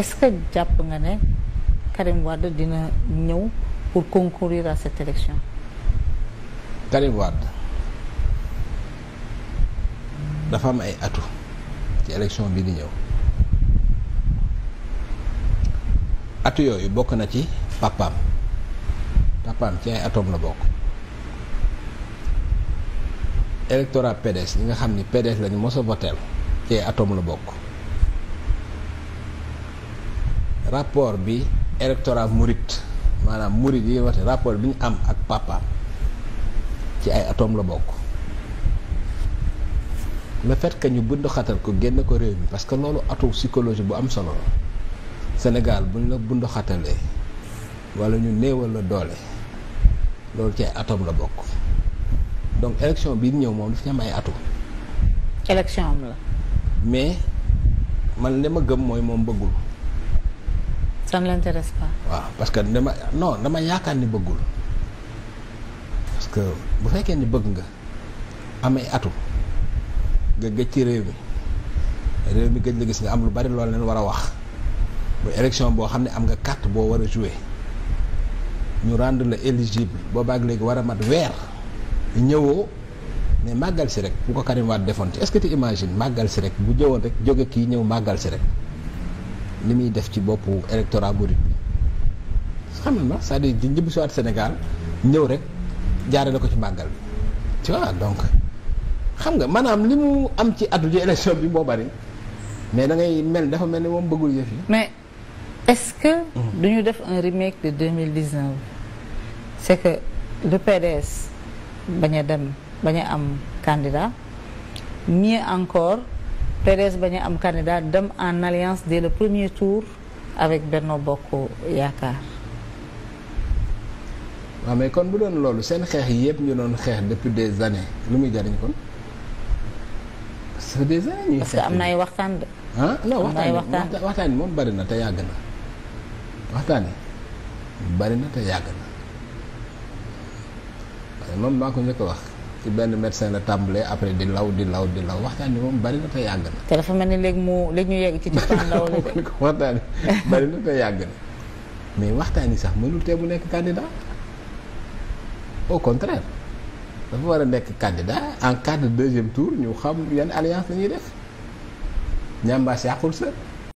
est jàpp nga ne Karim Wade dina ñëw pour concourir à cette élection Karim dafa am ay atout ci élection bi di ñëw atout yooyu bokk na ci papaam papaam ci ay atoom la bokk électorat PDS yi nga xam ni PDS lañu mos boteel voteel ci ay atoom la bokk rapport bi électorat murit maanaam murit yi waxte rapport bi ñu am ak papa ci ay atome la bokk le fait que ñu bund xatal ko génn ko réew mi parce que loolu atu psychologie bu am solo la Sénégal bu ñu la bund xatalee wala ñu néewal la doole loolu ci ay atome la bokk donc élection bi ñëw moom dafa am ay atu élection am la mais man li ma gëm mooy moom bëggul ça ne waaw parce que ma no dama yaakaar ni bëggul parce que bu fekkee ni bëgg nga amay atu nga gëj ci réew mi réew mi gëj la gis nga am lu bari loolu leen war a wax bu élection boo xam ne am nga carte boo war a jouer ñu rendre la éligible boobaag léegi war a mat weer ñëwoo mais màggal si rek bu ko Karim Wade defoon ci est-ce que tu imagines màggal si rek bu jëwoon rek jóge kii ñëw màggal si rek. li muy def ci boppu électorat murit bi xam nga c'est-à-dire di njëbb si waat Sénégal ñëw rek jaare la ko ci màggal bi tu vois donc xam nga maanaam li mu am ci addu ci élection bi boo bari mais da ngay mel dafa mel ni moom bëggul yëf yi mais est-ce que duñu def un remake de 2019 c'est que le PDS bañ a dem bañ a am candidat mieux encore PDS bañ a am candidat dem en alliance dès le premier tour avec Benno Bokk Yaakaar. waaw mais kon bu doon loolu seen xeex yi yëpp ñu doon xeex depuis des années lu muy jariñ kon parce que am na ay waxtaan de. ah non waxtaan moom bari na te yàgg na waxtaan yi bari na te moom maa ko njëkk a wax. ci benn médecin la tàmbalee après di law di law di law waxtaan bi moom bari na te yàgg na. te dafa mel ni léegi mu léegi ñu yegg ci cappaandaw la de. waxtaan bi bari na te yàgg mais waxtaan yi sax mënul tee mu nekk candidat au contraire dafa war a nekk candidat en cas de deuxième tour ñu xam yenn alliance la def ñambaas yàqul sa.